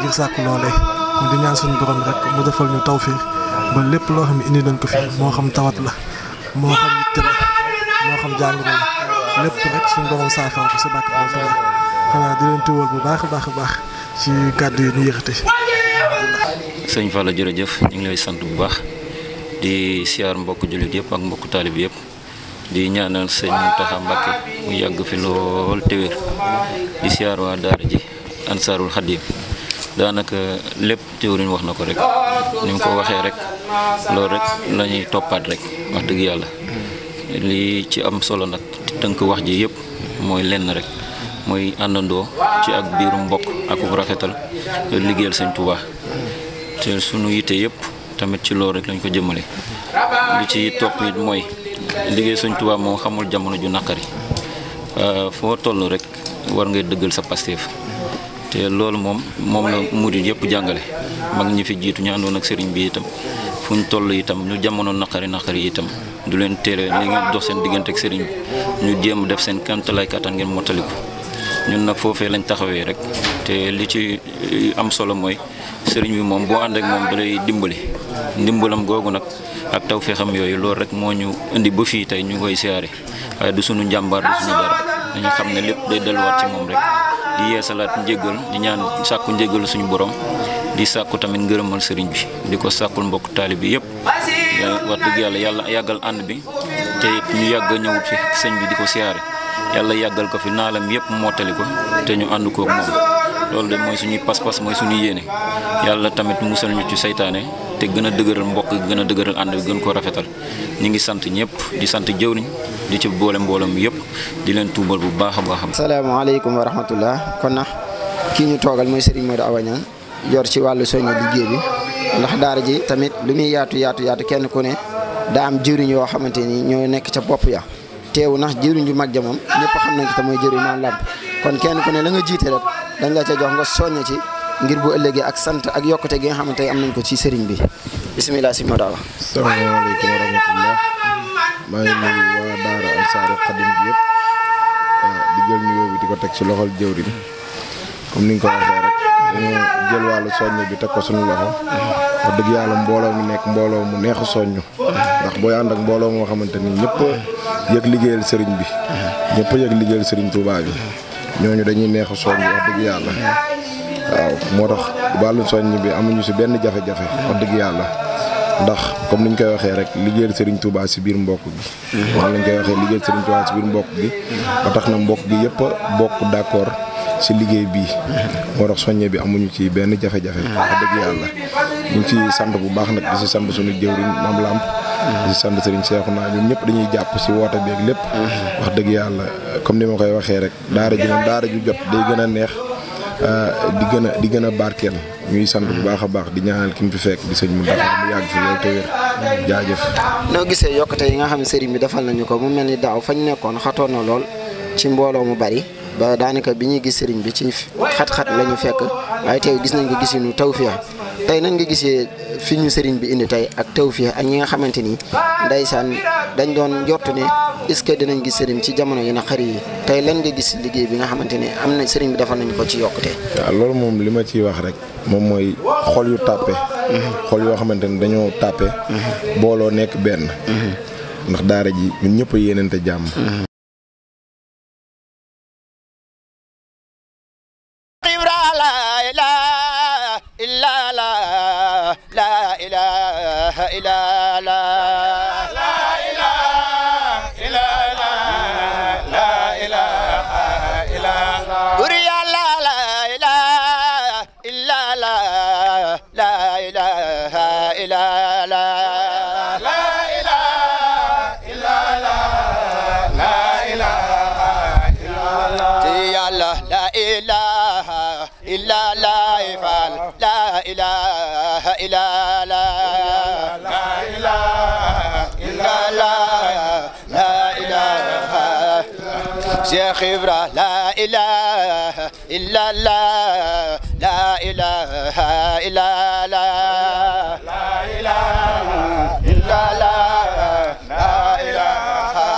ngir sàkku loolee kon di ñaan suñu borom rek mu defal ñu tawfiir ba lépp loo xam ne indi nañ ko fi moo xam tawat la moo xam yitte la moo xam jàngoro lépp rek suñu borom saafara ko bu baax a baax a baax ci kàddu yi jërëjëf ñu ngi lay sant bu baax di siyaar mbokk jullit yëpp ak mbokk taalib yëpp di ñaanal sëñ Mountakha Mbacké mu fi lool te wér di siyaar waa daara ji Ansaarul Xadim daanaka lépp teewluñ wax na ko rek ni mu ko waxee rek loolu rek lañuy toppaat rek wax dëgg yàlla. lii ci am solo nag tënk wax ji yëpp mooy lenn rek mooy àndandoo ci ak biiru mbokk ak rafetal liggéeyal sañ Tuubaa te sunu yitte yëpp tamit ci lool rek lañ ko jëmale li ci topp it mooy liggéey Sëñ Tuubaa moom xamul jamono ju naqari euh, foo toll rek war ngay dëggal sa Pastef te loolu moom moom la murid yëpp jàngale mag ñi fi jiitu ñu àndoon ak sëriñ bi itam fu ñu toll itam ñu jamono naqari naqari itam du leen téere li ngeen dox seen diggante ak sëriñ bi ñu jéem def seen kéemtalaay kattan ngeen mottaliku ñun nag foofee lañ taxawee rek te li ci eh, am solo mooy sëriñ bi moom boo ànd ak moom dalay dimbali ndimbalam googu nag ak taw feexam yooyu loolu rek moo ñu indi ba fii tey ñu koy siyaare waaye du sunu njàmbaar du sunu dara dañu xam ne lépp day delluwaat ci moom rek di yeesalaat njëgal di ñaan sàkku njëgal suñu borom di sàkku tamit ngërëmal sëriñ bi di ko sàkkul mbokk taali bi yëpp wax dëgg yàlla yàlla yàggal ànd bi te it ñu yàgg a ñëwut fi sëñ bi di ko siyaare yàlla yàggal ko fi naalam yëpp mottali ko te ñu ànd koog moom loolu de mooy suñuy pas-pas mooy suñu yéene yàlla tamit musal ñu ci saytaane te gën a dëgëral mbokk gën a dëgëral ànd bi gën koo rafetal ñu ngi sant ñëpp di sant jëwriñ di ci boole mbooloom yëpp di leen tuubal bu baax a baax. asalaamaaleykum wa rahmatullah kon na kii ñu toogal mooy Serigne Modou Awa yor ci wàllu soññu liggéey bi ndax daara ji tamit lu muy yaatu yaatu yaatu kenn ku ne daa am jëriñ yoo xamante ni ñoo nekk ca bopp ya teewu ndax jëriñ ju mag jamoom moom ko te mooy jëriñ kon kenn ku ne la nga jiite rek dañ la ca jox nga soññ ci ngir bu ak sant ak yokkute gi nga xamante ne am nañ ko ci sëriñ bi bisimilah si ma daawa salaamaaleykum wa rahmatullah ah, di ko teg ci loxol jëwriñ comme ko ñu jël wàllu soññ bi teg ko suñu loxo wax dëgg yàlla mbooloo mu nekk mbooloo mu neexu soññ ndax booy ànd ak mbooloo moo xamante ni ñëpp yëg liggéeyal sëriñ bi ñëpp yëg liggéeyal sëriñ Touba bi ñooñu dañuy neexu soññ wax dëgg yàlla moo tax wàllu soññ bi amuñu si benn jafe-jafe dëgg yàlla ndax comme ni koy waxee rek liggéeyal Serigne Touba si biir mbokk gi wax lañ koy waxee liggéeyal Serigne Touba si biir mbokk gi ba tax na mbokk gi yëpp bokk d'accord si liggéey bii moo tax soññe bi amuñu ci benn jafe-jafe dëgg yàlla ñu ngi ci sant bu baax nag di si sant suñu jëwriñ Mame Lamp di sant Serigne Cheikhouna ñun ñëpp dañuy jàpp si woote beeg lépp wax dëgg comme ni ma koy waxee rek daara ji moom daara ju jot day gën a neex euh, di gën a di gën a barkeel ñuy sant bu baax a baax di ñaanal ki mu fi fekk di sëñ mu dafa mu yàgg fi loolu jaajëf noo gisee yokkute yi nga xam ne sëriñ bi defal nañu ko mu mel ni daaw fañ nekkoon xatoon na lool ci mbooloo mu bari ba daanaka bi ñuy gis sëriñ bi ci xat-xat la ñu fekk waaye teew gis nañ ko gisinu tawféex tey nan nga gisee fi ñu bi indi tey ak tawféex ak ñi nga xamante ni ndeysaan dañ doon njort ne est-ce que dinañ gis sëriñ ci jamono yi na xari yi tey lañ nga gis liggéey bi nga xamante ni am na sëriñ bi defal nañ ko ci yokkute. waaw loolu moom li ma ciy wax rek moom mooy xool yu tàppe mhm. xool yoo xamante ni dañoo tàppe mhm. booloo nekk benn mhm. ndax daara ji ñun ñëpp yéenante jàmm Cheikh Ibra la ilaha illa Allah la ilaha illa Allah la ilaha illa Allah la ilaha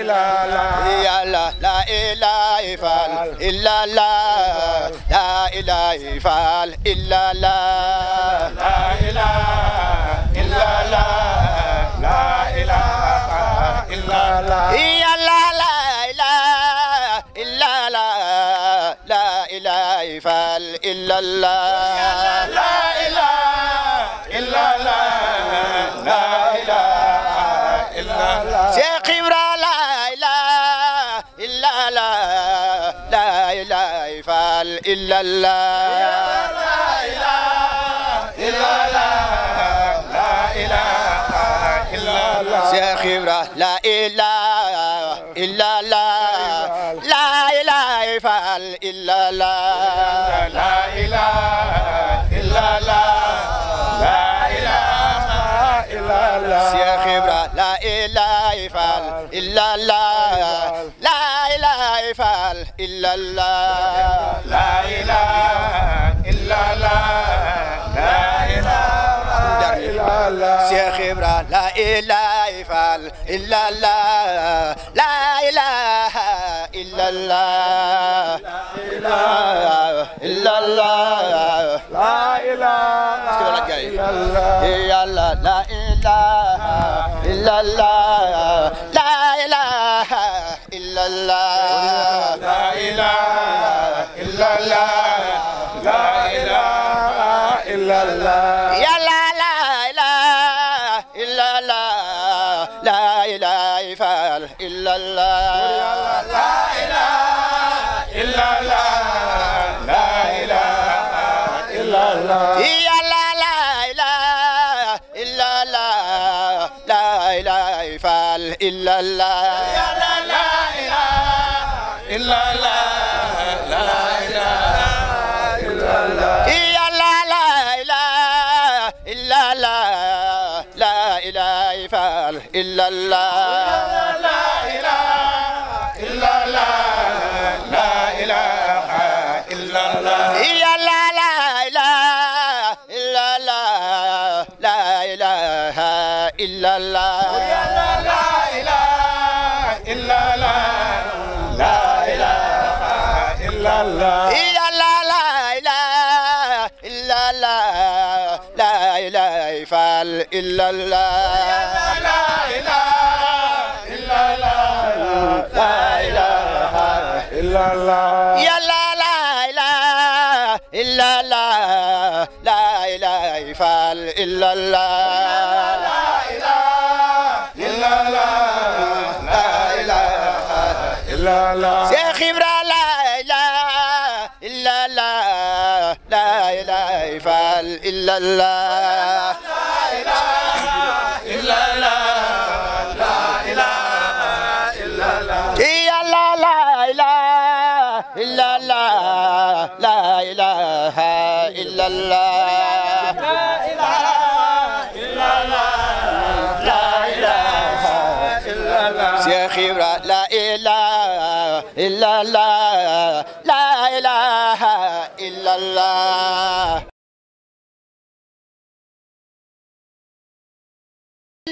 illa Allah la ilaha illa Allah la ilaha illa Allah la ilaha illa Allah la ilaha illa Allah إلا الله لا إله إلا الله لا إله إلا الله شيخ إبرا لا إله إلا الله لا إله فال إلا الله لا إله إلا الله لا إله إلا الله شيخ إبرا لا إله إلا الله لا إله فال إلا الله إلا الله لا إله إلا الله لا إله إلا الله لا إله إلا الله شيخ إبراهيم لا إله إلا الله لا إله إلا الله ilaha illallah la ilaha illallah la ilaha illallah la ilaha illallah la ilaha illallah la ilaha illallah ya la la ilaha illallah la ilaha illallah إلا الله لا إله إلا الله لا إله إلا الله يا لا لا إله إلا الله لا إله إلا الله لا إله إلا الله لا إله إلا الله يا لا لا إله إلا الله لا إله إلا الله yàlla la ilaha illa la la ilaha ifal illa la la ilaha illa la la ilaha illa la yàlla la ilaha illa la la ilaha ifal illa la إلا الله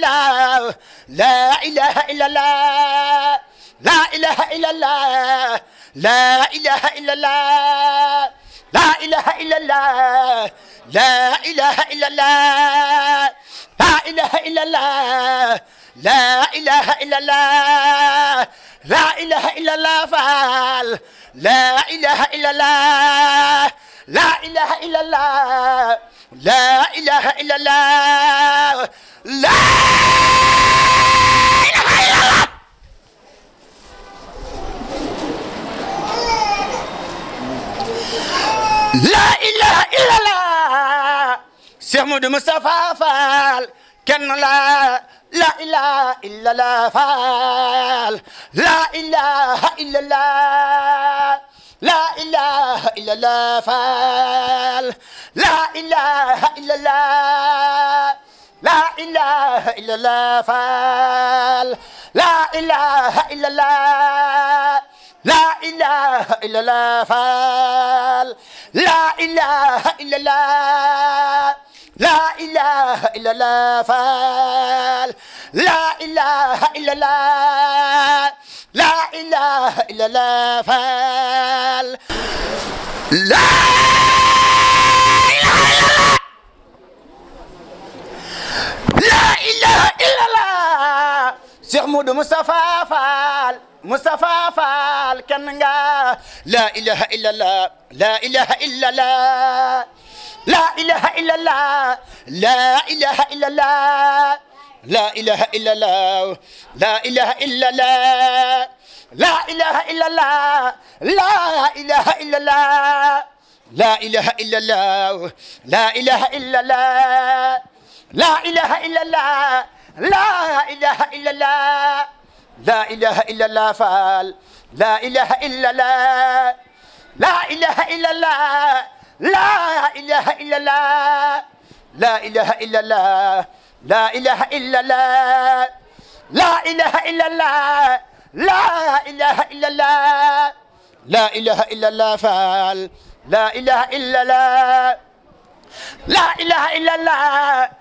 الله لا إله إلا الله لا إله إلا الله لا إله إلا الله لا إله إلا الله لا إله إلا الله لا إله إلا الله لا إله إلا الله لا إله إلا الله فعل لا إله إلا الله لا إله إلا الله لا إله إلا الله laa ilaha illallah laa ilaha illallah Cheikh Modou Moustapha Fall kenn laa laa ilaha illallah Fall laa ilaha illallah La ilaha illallah Fall La ilaha illallah laa ilaaha illallah faal laa ilaaha illallah laa ilaaha illallah faal laa ilaaha illallah laa ilaaha illallah faal laa ilaaha illallah laa ilaaha illallah faal laa la ilaha illallah Cheikh Modou Moustapha Fall Moustapha Fall kenn nga la ilaha illallah la ilaha illallah la ilaha illallah la ilaha illallah la ilaha illallah la ilaha illallah la ilaha illallah la ilaha illallah la ilaha illallah la ilaha illallah laa ilaha illallah laa ilaha illallah laa ilaha illallah faal laa ilaha illallah laa ilaha illallah laa ilaha illallah laa ilaha illallah laa ilaha illallah laa ilaha illallah laa ilaha illallah laa ilaha illallah faal laa ilaha illallah laa ilaha illallah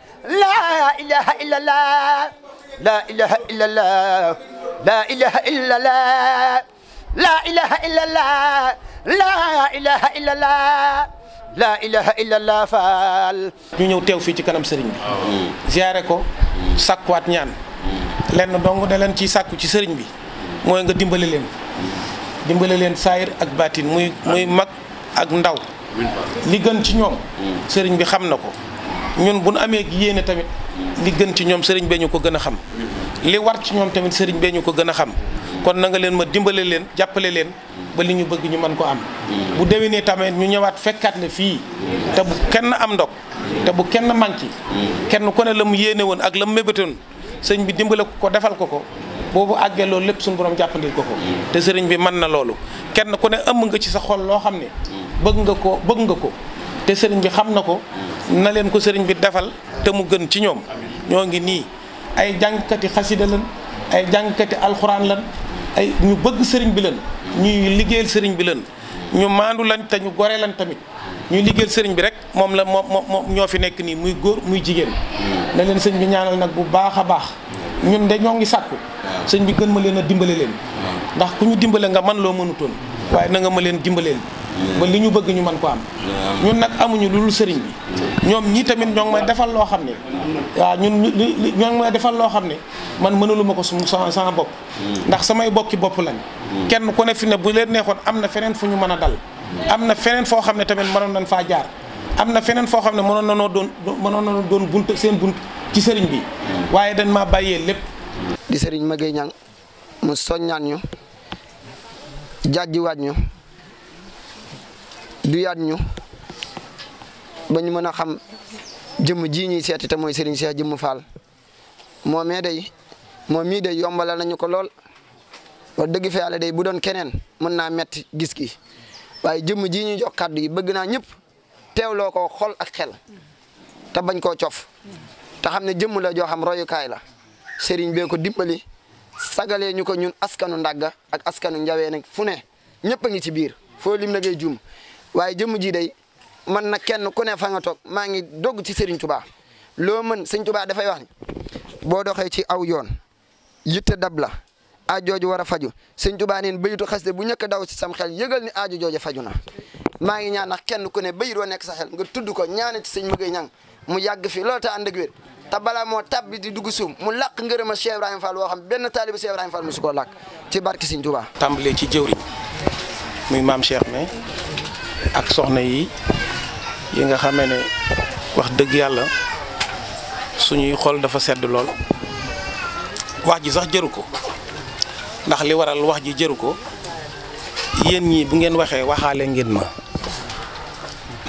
لا إله إلا الله لا إله إلا الله لا laa ilaha illallah faal. ñu ñëw teew fii ci kanam sëriñ bi. ziare ko sàkkuwaat ñaan. lenn dong da leen ci sàkku ci sëriñ bi mooy nga dimbale leen. dimbale leen saayir ak baatin muy muy mag ak ndaw. li gën ci ñoom. sëriñ bi xam na ko. ñun bu nu amee yéene tamit li gën ci ñoom sëriñ bee ñu ko gën a xam li war ci ñoom tamit sëriñ bee ñu ko gën a xam kon na nga leen ma dimbale leen jàppale leen ba li ñu bëgg ñu mën ko am bu déwénee tamit ñu ñëwaat fekkaat la fii te bu kenn am ndog te bu kenn manqué kenn ku ne la mu yéene woon ak la mu mébétoon sëriñ bi dimbale ko defal ko ko boobu àggee loolu lépp suñu borom jàppandil ko ko te sëriñ bi mën na loolu kenn ku ne ëmb nga ci sa xol loo xam ne bëgg nga ko bëgg nga ko te sëriñ bi xam na ko na leen ko sëriñ bi defal te mu gën ci ñoom ñoo ngi nii ay jàngkati xasida lan ay jàngkati alxuraan lan ay ñu bëgg sëriñ bi lan ñuy liggéeyal sëriñ bi lan ñu maandu lan te ñu gore lan tamit ñuy liggéeyal sëriñ bi rek moom la ñoo fi nekk nii muy góor muy jigéen na leen sëñ bi ñaanal nag bu baax a baax ñun nde ñoo ngi sàkku sëñ bi gën ma leen a dimbale leen ndax ku ñu dimbale nga man loo mënutoon waaye na nga ma leen dimbaleel ba li ñu bëgg ñu man ko am ñun nag amuñu lu dul sëriñ bi ñoom ñii tamit ñoo may defal loo xam ne waaw ñun ñoo ngi may defal loo xam ne man mënaluma ko sum sama bopp mm. ndax samay bokki bopp lañ mm. kenn ku ne bu leen neexoon am na feneen fu ñu mën a dal mm. am na feneen foo xam ne tamit mënoon nañ faa jaar am na feneen foo xam ne mënoon nanoo doon mënoon nanoo doon bunt seen bunt ci sëriñ bi waaye dañ ma bàyyee lépp di sëriñ ma Maguette Niang mu soññaan ñu jàjjiwaat ñu du yaat ñu ba ñu mën a xam jëmm ji ñuy seeti te mooy si Cheikh jëmm moo moomee day moom mii day yombalal nañu ko lool wax dëgg fa yàlla day bu doon keneen mën naa metti gis gi waaye jëmm ji ñuy jox kàddu yi bëgg naa ñëpp teewloo ko xool ak xel te bañ koo cof te xam ne jëmm la joo xam royukaay la Serigne bee ko dimbali sagalee ñu ko ñun askanu ndàgga ak askanu njawee nag fu ne ñëpp a ngi ci biir foo lim na ngay jum waaye jëmm jii day man na kenn ku ne fa nga toog maa ngi dogg ci Serigne Touba loo mën Serigne Touba dafay wax boo doxee ci aw yoon yitte dab la aajo jooju war a faju Serigne Touba neen bayitu xasida bu ñëkk daw ci sam xel yëgal ni aajo jooju faju na maa ngi ñaan nag kenn ku ne bayit woo nekk saxel nga tudd ko ñaan ci sëñ Mëgëy Ñang mu yàgg fi lool te ànd ak wér te balaa moo tabbi di dugg suum mu lakk ngërëma Cheikh Ibrahima Fall woo xam benn taaliba Cheikh Ibrahima Fall mu su koo làq ci barki Serigne Touba tàmbalee ci jëwriñ maam Cheikh mais ak soxna yi yi nga xamee ne wax dëgg yàlla suñuy xool dafa sedd lool wax ji sax jëru ko ndax li waral wax ji jëru ko yéen ñii bu ngeen waxee waxaale ngeen ma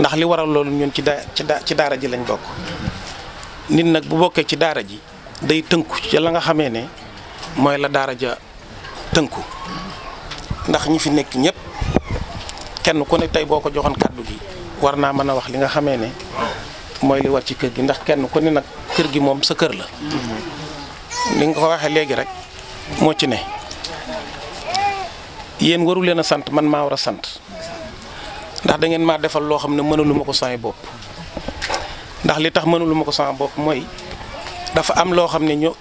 ndax li waral loolu ñun ci daa ci daara ji lañ bokk nit nag bu bokkee ci daara ji day tënku ci la nga xamee ne mooy la daara ja tënku ndax ñi fi nekk ñëpp kenn ku ne tey boo ko joxoon kàddu gi war naa mën a wax li nga xamee ne mooy li war ci kër gi ndax kenn ku ne nag kër gi moom sa kër la li nga ko waxee léegi rek moo ci ne yéen waru leen a sant man maa war a sant ndax dangeen ngeen maa defal loo xam ne mënalu ma ko sama bopp ndax li tax mënalu ma ko sama bopp mooy dafa am loo xam ne ñoo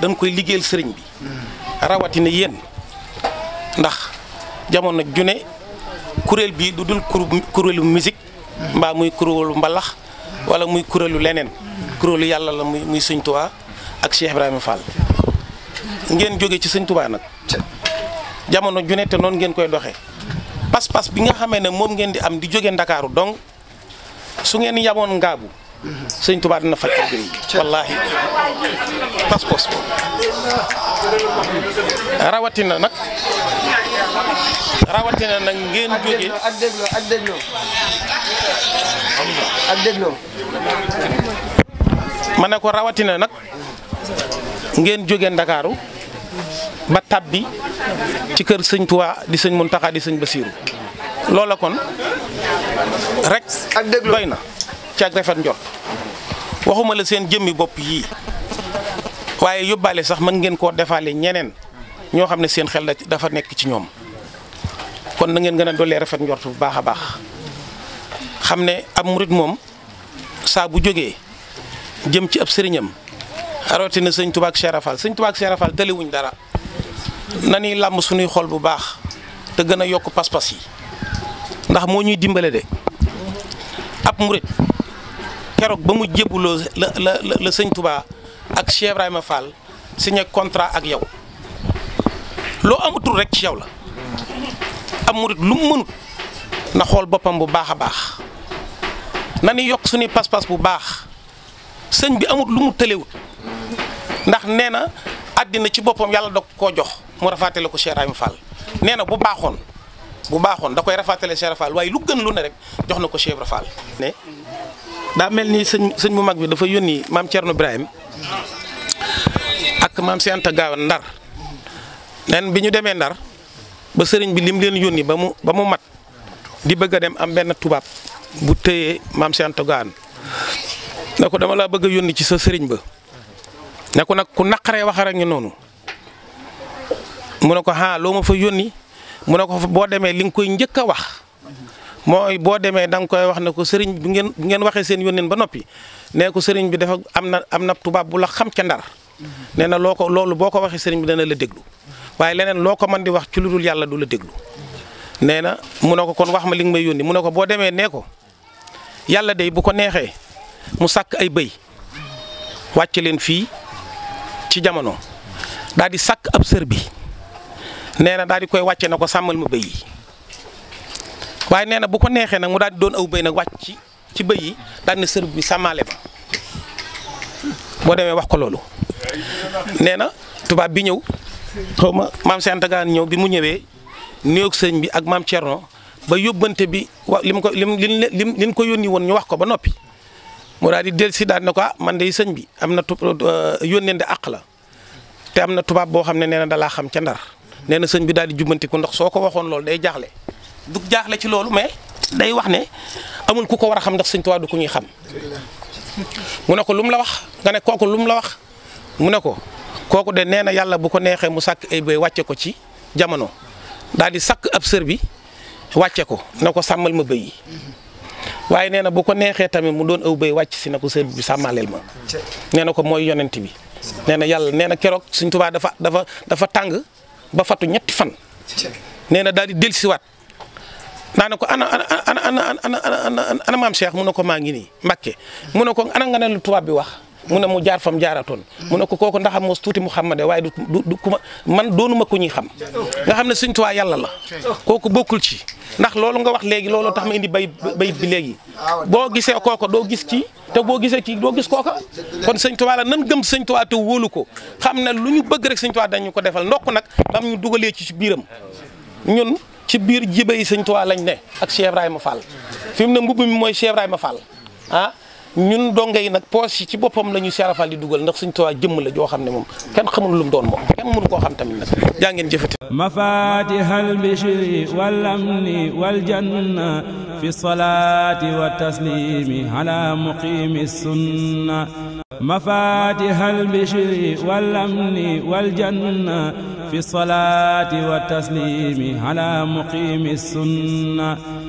dañ koy liggéeyal sëriñ bi mm. rawatina yéen ndax jamono ju kuréel bii du dul kuréelu musique mbaa muy kuréelu mbalax wala muy kuréelu leneen kuréelu yàlla la muy muy ak Cheikh Ibrahima Fall ngeen jóge ci sëñtuwaa nag jamono ju ne te noonu ngeen koy doxee pas-pas bi nga xamee ne moom ngeen di am di jóge ndakaaru dong su ngeen yamoon ngaabu sëñ Tuubaa dina faj ay bi wallaahi rawatina nag rawatina nag ngeen jóge ak dégloo ak dégloo ak dégloo ma ne ko rawatina nag ngeen jóge ndakaaru ba tàbbi ci kër sëñ Tuubaa di sëñ Muntaxa di sëñ Basiiru loola kon rek ak dégloo doy na ci ak rafet njort waxuma la seen jëmmi bopp yii waaye yóbbaale sax mën ngeen koo defaale ñeneen ñoo xam ne seen xel dafa nekk ci ñoom kon na ngeen gën a dollee rafet njort bu baax a baax xam ne ab murit moom saa bu jógee jëm ci ab sëriñam rawatina sëñ tubaa ak Cheikh Rafal sëñ Rafal tëlewuñ dara na ñuy làmb suñuy xool bu baax te gën a yokk pas-pas yi ndax moo ñuy dimbale de ab murit keroog ba mu jébbuloo la la sëñ Tuubaa ak Cheikh Ibrahima Fall signé contrat ak yow loo amatul rek ci yow la. xam murit lu mu mënut na xool boppam bu baax a baax na ni yokk suñuy pas bu baax sëñ bi amut lu mu tëlewut ndax nee na àddina ci boppam yàlla da koo jox mu rafaatale ko Cheikh Ibrahima Fall nee na bu baaxoon bu baaxoon da koy rafaatale Cheikh Ibrahima Fall waaye lu gën lu ne rek jox na ko Cheikh Ibrahima daa mel ni sëñ sëñ bu mag bi dafa yónni maam Thierno Ibrahim ak maam Cheikh Anta Gaawaan Ndar nen bi ñu demee Ndar ba sëriñ bi lim leen yónni ba mu ba mu mat di bëgg a dem am benn tubaab bu téyee maam Cheikh Anta Gawane ko dama laa bëgg yónni ci sa sëriñ ba ne ko nag ku naqaree waxee rek ñu noonu mu ne ko ah loo ma fa yónni mu ne ko boo demee li nga koy njëkk a wax mooy boo demee da nga koy wax ne ko sëriñ bi ngeen bu ngeen waxee seen yónneen ba noppi nee ko sëriñ bi dafa am na am na tubaab bu la xam ca ndar mm-hmm. nee na loo ko loolu boo ko waxee sëriñ bi dana la déglu. waaye leneen loo ko man di wax ci lu dul yàlla du la déglu nee na mu ne ko kon wax ma li nga may yónni mu ne ko boo demee nee ko yàlla dey bu ko neexee mu sàkk ay bëy wàcce leen fii ci jamono daal di sàkk ab sër bi nee na daal di koy wàcce na ko sàmmal ma bëy yi waaye nee na bu ko neexee nag mu daal di doon aw bëy nag wàcc ci ci bëy yi daal ne sër bi sàmmaale ba boo demee wax ko loolu nee na tubaab bi ñëw. xaw ma maam Santagaan ñëw bi mu ñëwee nuyoog sëñ bi ak maam Thierno ba yóbbante bi wa li mu ko lim lim li ko yónni woon ñu wax ko ba noppi. mu daal di si daal ne ko ah, man de sëñ bi am na tu euh, nde àq la te am na tubaab boo xam ne nee na dalaa xam ca ndar nee na sëñ bi daal di jubbantiku ndox soo ko waxoon loolu day jaaxle du jaaxle ci loolu mais day wax ne amul ku ko war a xam ndax sëñ tubaab du ku ñuy xam. mu ne ko lu la wax nga ne kooku lu mu la wax mu ne ko. kooku de nee na yàlla bu ko neexee mu sàkk ay bëy wàcce ko ci jamono daal di sakk ab sër bi wàcce ko na ko sàmmal ma bëy waaye nee na bu ko neexee tamit mu doon aw bëy wàcc si na ko sër bi sàmmaleel ma nee na ko mooy yonent bi nee na yàlla nee na keroog Sëñ Tuubaa dafa dafa dafa tàng ba fattu ñetti fan nee na daal di dellusiwaat naa ne ko ana ana ana ana ana ana maam Cheikh mu ne ko maa ngi nii Mbàkke mu ne ko ana nga ne lu tubaab bi wax mu ne mu jaar fam jaaratoon mu ne ko kooku ndax mos tuuti mu xam Muhammad waaye du du ku ma man doonuma ko ñuy xam nga xam ne Sëñ Tuubaa yàlla la kooku bokkul ci ndax loolu nga wax léegi looloo tax ma indi bay bayit bi léegi boo gisee kooka doo gis kii te boo gisee kii doo gis kooka kon Sëñ Tuubaa la nan gëm Sëñ Tuubaa te ko xam na lu ñu bëgg rek Sëñ Tuubaa ko defal ndokk nag bam ñu dugalee ci biiram ñun ci biir jibe yi Sëñ Tuubaa lañ ne ak Cheikh Ibrahima mi mooy Cheikh Ibrahima ñun donga yi nag poche yi ci boppam la ñu Cheikh Fall di dugal ndax suñ tubaa jëmm la joo xam ne moom kenn xamul lu mu doon moom kenn mënu koo xam tamit nag jaa ngeen jëfati mafatihal bishri wal amni wal janna fi salati wa taslimi ala muqimi sunna mafatihal bishri wal amni wal janna fi salati wa taslimi ala muqimi sunna